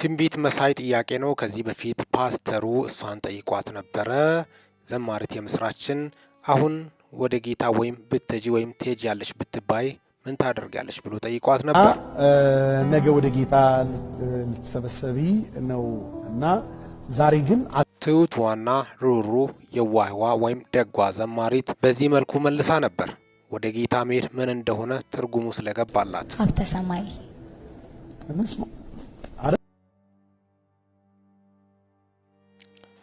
ትንቢት መሳይ ጥያቄ ነው። ከዚህ በፊት ፓስተሩ እሷን ጠይቋት ነበረ። ዘማሪት የምስራችን አሁን ወደ ጌታ ወይም ብትጂ ወይም ያለሽ ብትባይ ምን ታደርጋለሽ ብሎ ጠይቋት ነበር። ነገ ወደ ጌታ ልትሰበሰቢ ነው እና ዛሬ ግን ትሁቷና ሩሩ የዋህዋ ወይም ደጓ ዘማሪት በዚህ መልኩ መልሳ ነበር። ወደ ጌታ መሄድ ምን እንደሆነ ትርጉሙ ስለገባላት ሀብተ ሰማይ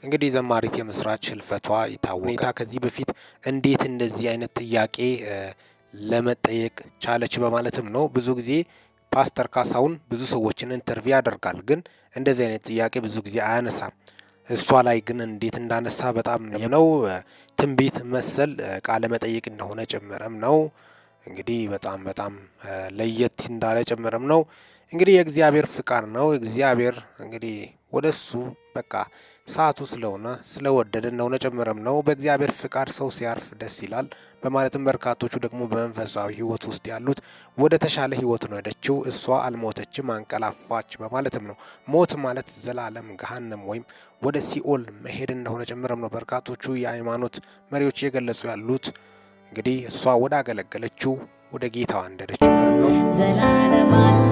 እንግዲህ ዘማሪት የምስራች ህልፈቷ ይታወቃል። ሁኔታ ከዚህ በፊት እንዴት እንደዚህ አይነት ጥያቄ ለመጠየቅ ቻለች በማለትም ነው ብዙ ጊዜ ፓስተር ካሳሁን ብዙ ሰዎችን ኢንተርቪው ያደርጋል፣ ግን እንደዚህ አይነት ጥያቄ ብዙ ጊዜ አያነሳም። እሷ ላይ ግን እንዴት እንዳነሳ በጣም ነው። ትንቢት መሰል ቃለ መጠይቅ እንደሆነ ጭምርም ነው። እንግዲህ በጣም በጣም ለየት እንዳለ ጭምርም ነው። እንግዲህ የእግዚአብሔር ፍቃድ ነው። እግዚአብሔር እንግዲህ ወደ እሱ በቃ ሰዓቱ ስለሆነ ስለወደደ እንደሆነ ጭምርም ነው። በእግዚአብሔር ፍቃድ ሰው ሲያርፍ ደስ ይላል በማለትም በርካቶቹ ደግሞ በመንፈሳዊ ሕይወት ውስጥ ያሉት ወደ ተሻለ ሕይወት ነው ሄደችው፣ እሷ አልሞተችም አንቀላፋች በማለትም ነው። ሞት ማለት ዘላለም ገሃነም ወይም ወደ ሲኦል መሄድ እንደሆነ ጭምርም ነው በርካቶቹ የሃይማኖት መሪዎች እየገለጹ ያሉት። እንግዲህ እሷ ወደ አገለገለችው ወደ ጌታዋ እንደደች ነው።